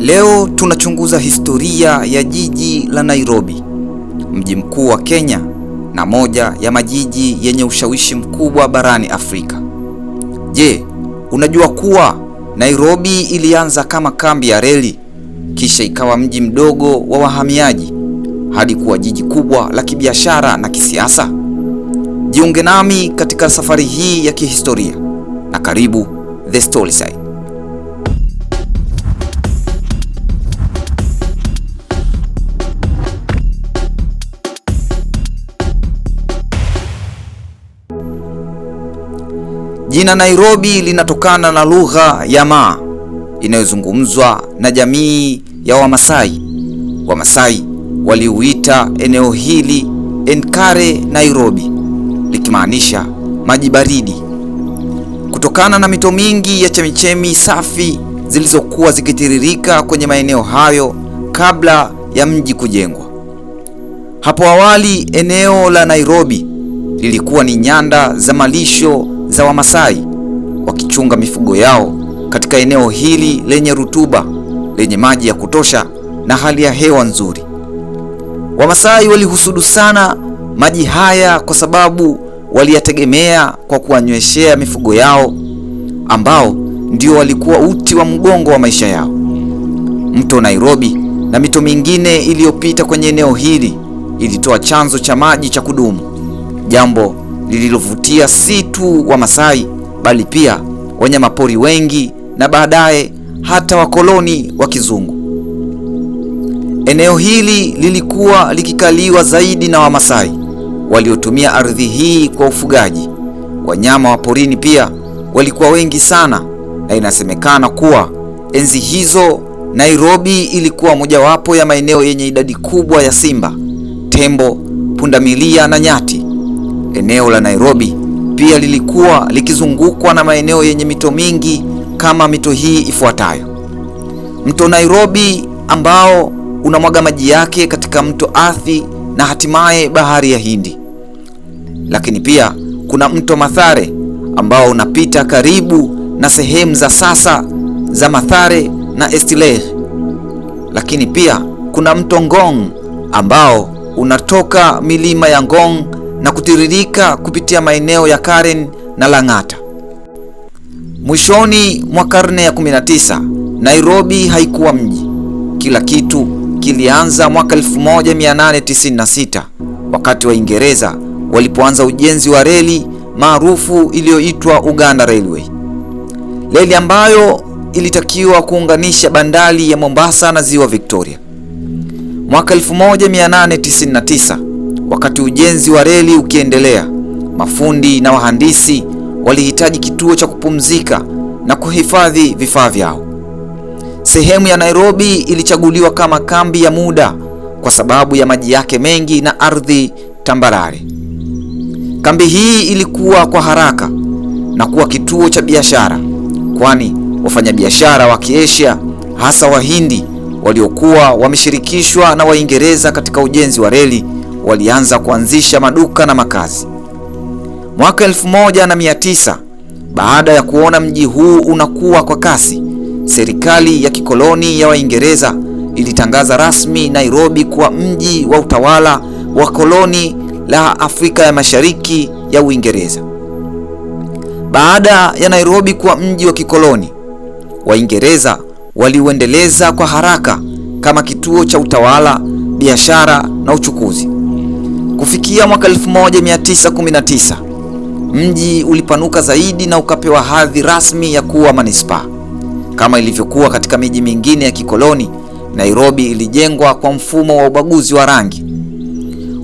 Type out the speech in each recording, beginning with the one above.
Leo tunachunguza historia ya jiji la Nairobi, mji mkuu wa Kenya na moja ya majiji yenye ushawishi mkubwa barani Afrika. Je, unajua kuwa Nairobi ilianza kama kambi ya reli, kisha ikawa mji mdogo wa wahamiaji hadi kuwa jiji kubwa la kibiashara na kisiasa? Jiunge nami katika safari hii ya kihistoria na karibu The Storyside. Jina Nairobi linatokana na lugha ya Maa inayozungumzwa na jamii ya Wamasai. Wamasai waliuita eneo hili Enkare Nairobi, likimaanisha maji baridi, kutokana na mito mingi ya chemichemi safi zilizokuwa zikitiririka kwenye maeneo hayo kabla ya mji kujengwa. Hapo awali eneo la Nairobi lilikuwa ni nyanda za malisho za Wamasai wakichunga mifugo yao katika eneo hili lenye rutuba, lenye maji ya kutosha na hali ya hewa nzuri. Wamasai walihusudu sana maji haya kwa sababu waliyategemea kwa kuwanyweshea mifugo yao ambao ndio walikuwa uti wa mgongo wa maisha yao. Mto Nairobi na mito mingine iliyopita kwenye eneo hili ilitoa chanzo cha maji cha kudumu, jambo lililovutia si tu Wamasai bali pia wanyamapori wengi na baadaye hata wakoloni wa Kizungu. Eneo hili lilikuwa likikaliwa zaidi na Wamasai waliotumia ardhi hii kwa ufugaji. Wanyama wa porini pia walikuwa wengi sana, na inasemekana kuwa enzi hizo Nairobi ilikuwa mojawapo ya maeneo yenye idadi kubwa ya simba, tembo, pundamilia na nyati. Eneo la Nairobi pia lilikuwa likizungukwa na maeneo yenye mito mingi kama mito hii ifuatayo: mto Nairobi ambao unamwaga maji yake katika mto Athi na hatimaye bahari ya Hindi, lakini pia kuna mto Mathare ambao unapita karibu na sehemu za sasa za Mathare na Estileh, lakini pia kuna mto Ngong ambao unatoka milima ya Ngong na kutiririka kupitia maeneo ya Karen na Lang'ata. Mwishoni mwa karne ya 19, Nairobi haikuwa mji. Kila kitu kilianza mwaka 1896 wakati Waingereza walipoanza ujenzi wa reli maarufu iliyoitwa Uganda Railway, reli ambayo ilitakiwa kuunganisha bandari ya Mombasa na ziwa Victoria. Mwaka 1899 Wakati ujenzi wa reli ukiendelea, mafundi na wahandisi walihitaji kituo cha kupumzika na kuhifadhi vifaa vyao. Sehemu ya Nairobi ilichaguliwa kama kambi ya muda kwa sababu ya maji yake mengi na ardhi tambarare. Kambi hii ilikuwa kwa haraka na kuwa kituo cha biashara, kwani wafanyabiashara wa Kiasia hasa Wahindi waliokuwa wameshirikishwa na Waingereza katika ujenzi wa reli walianza kuanzisha maduka na makazi. Mwaka tisa, baada ya kuona mji huu unakuwa kwa kasi, serikali ya kikoloni ya Waingereza ilitangaza rasmi Nairobi kuwa mji wa utawala wa koloni la Afrika ya Mashariki ya Uingereza. Baada ya Nairobi kuwa mji wa kikoloni, Waingereza waliuendeleza kwa haraka kama kituo cha utawala, biashara na uchukuzi. Kufikia mwaka 1919 mji ulipanuka zaidi na ukapewa hadhi rasmi ya kuwa manispaa. Kama ilivyokuwa katika miji mingine ya kikoloni, Nairobi ilijengwa kwa mfumo wa ubaguzi wa rangi.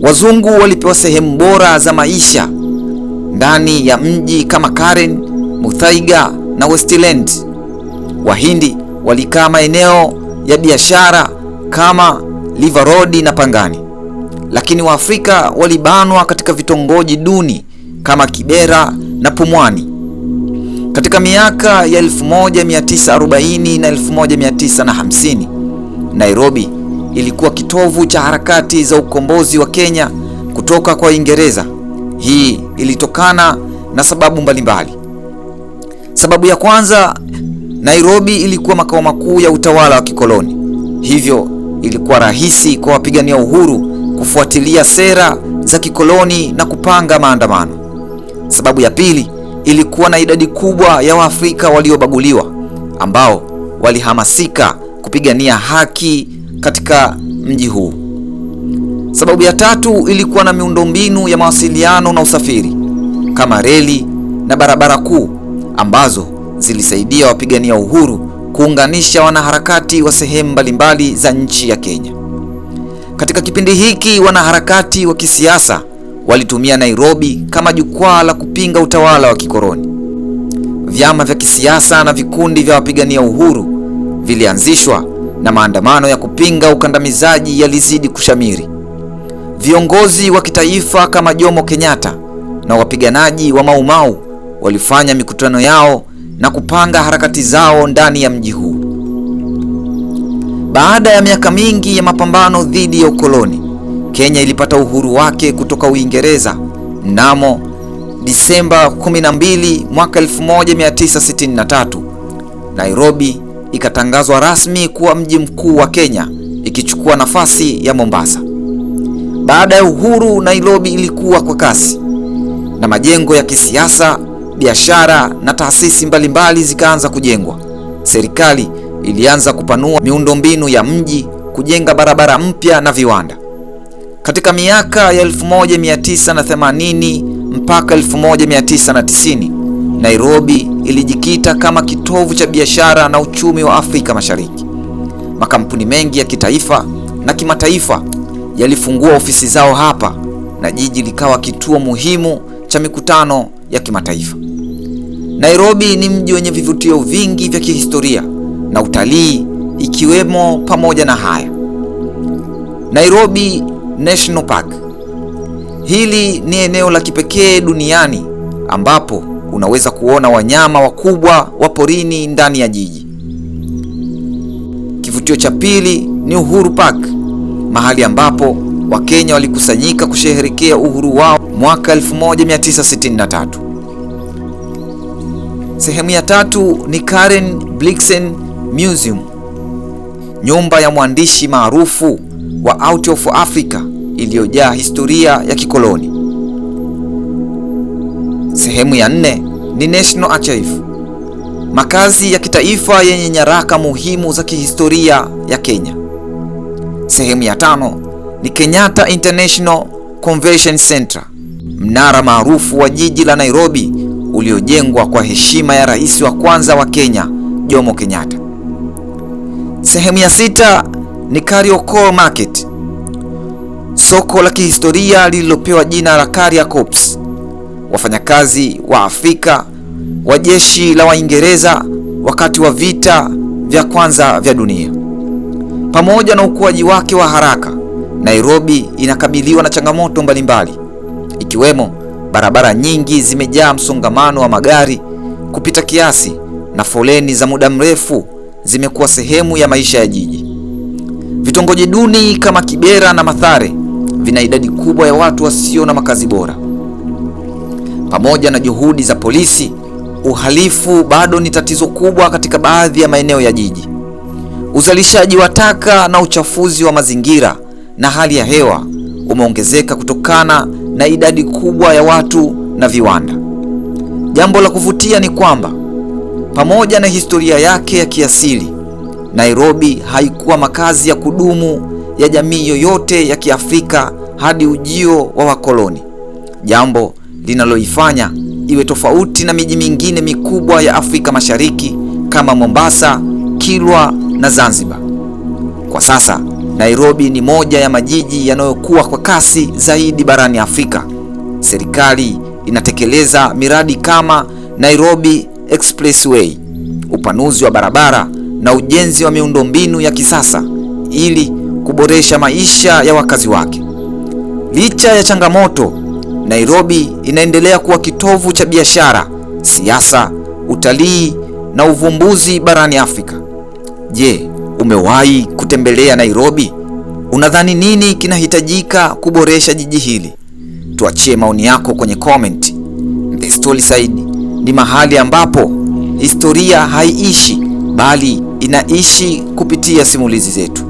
Wazungu walipewa sehemu bora za maisha ndani ya mji kama Karen, Muthaiga na Westland. Wahindi walikaa maeneo ya biashara kama Liverodi na Pangani lakini Waafrika walibanwa katika vitongoji duni kama Kibera na Pumwani. Katika miaka ya 1940 na 1950, Nairobi ilikuwa kitovu cha harakati za ukombozi wa Kenya kutoka kwa Uingereza. Hii ilitokana na sababu mbalimbali. Sababu ya kwanza, Nairobi ilikuwa makao makuu ya utawala wa kikoloni, hivyo ilikuwa rahisi kwa wapigania uhuru kufuatilia sera za kikoloni na kupanga maandamano. Sababu ya pili ilikuwa na idadi kubwa ya Waafrika waliobaguliwa ambao walihamasika kupigania haki katika mji huu. Sababu ya tatu ilikuwa na miundombinu ya mawasiliano na usafiri kama reli na barabara kuu ambazo zilisaidia wapigania uhuru kuunganisha wanaharakati wa sehemu mbalimbali za nchi ya Kenya. Katika kipindi hiki wanaharakati wa kisiasa walitumia Nairobi kama jukwaa la kupinga utawala wa kikoloni. Vyama vya kisiasa na vikundi vya wapigania uhuru vilianzishwa na maandamano ya kupinga ukandamizaji yalizidi kushamiri. Viongozi wa kitaifa kama Jomo Kenyatta na wapiganaji wa Maumau walifanya mikutano yao na kupanga harakati zao ndani ya mji huu. Baada ya miaka mingi ya mapambano dhidi ya ukoloni, Kenya ilipata uhuru wake kutoka Uingereza mnamo Disemba 12 mwaka 1963. Nairobi ikatangazwa rasmi kuwa mji mkuu wa Kenya ikichukua nafasi ya Mombasa. Baada ya uhuru, Nairobi ilikuwa kwa kasi na majengo ya kisiasa, biashara na taasisi mbalimbali zikaanza kujengwa. Serikali ilianza kupanua miundombinu ya mji, kujenga barabara mpya na viwanda. Katika miaka ya 1980 mpaka 1990, Nairobi ilijikita kama kitovu cha biashara na uchumi wa Afrika Mashariki. Makampuni mengi ya kitaifa na kimataifa yalifungua ofisi zao hapa na jiji likawa kituo muhimu cha mikutano ya kimataifa. Nairobi ni mji wenye vivutio vingi vya kihistoria na utalii ikiwemo pamoja na haya. Nairobi National Park. Hili ni eneo la kipekee duniani ambapo unaweza kuona wanyama wakubwa wa porini ndani ya jiji. Kivutio cha pili ni Uhuru Park, mahali ambapo Wakenya walikusanyika kusherehekea uhuru wao mwaka 1963. Sehemu ya tatu ni Karen Blixen Museum, nyumba ya mwandishi maarufu wa Out of Africa iliyojaa historia ya kikoloni. Sehemu ya nne ni National Archive, makazi ya kitaifa yenye nyaraka muhimu za kihistoria ya Kenya. Sehemu ya tano ni Kenyatta International Convention Center, mnara maarufu wa jiji la Nairobi uliojengwa kwa heshima ya rais wa kwanza wa Kenya Jomo Kenyatta. Sehemu ya sita ni Kariakoo Market, soko la kihistoria lililopewa jina la Kariakoops. Wafanyakazi wa Afrika wa jeshi la Waingereza wakati wa vita vya kwanza vya dunia. Pamoja na ukuaji wake wa haraka, Nairobi inakabiliwa na changamoto mbalimbali ikiwemo barabara nyingi zimejaa msongamano wa magari kupita kiasi na foleni za muda mrefu zimekuwa sehemu ya maisha ya jiji. Vitongoji duni kama Kibera na Mathare vina idadi kubwa ya watu wasio na makazi bora. Pamoja na juhudi za polisi, uhalifu bado ni tatizo kubwa katika baadhi ya maeneo ya jiji. Uzalishaji wa taka na uchafuzi wa mazingira na hali ya hewa umeongezeka kutokana na idadi kubwa ya watu na viwanda. Jambo la kuvutia ni kwamba pamoja na historia yake ya kiasili, Nairobi haikuwa makazi ya kudumu ya jamii yoyote ya Kiafrika hadi ujio wa wakoloni, jambo linaloifanya iwe tofauti na miji mingine mikubwa ya Afrika Mashariki kama Mombasa, Kilwa na Zanzibar. Kwa sasa Nairobi ni moja ya majiji yanayokuwa kwa kasi zaidi barani Afrika. Serikali inatekeleza miradi kama Nairobi expressway, upanuzi wa barabara na ujenzi wa miundombinu ya kisasa ili kuboresha maisha ya wakazi wake. Licha ya changamoto, Nairobi inaendelea kuwa kitovu cha biashara, siasa, utalii na uvumbuzi barani Afrika. Je, umewahi kutembelea Nairobi? Unadhani nini kinahitajika kuboresha jiji hili? Tuachie maoni yako kwenye comment. The Story Side ni mahali ambapo historia haiishi bali inaishi kupitia simulizi zetu.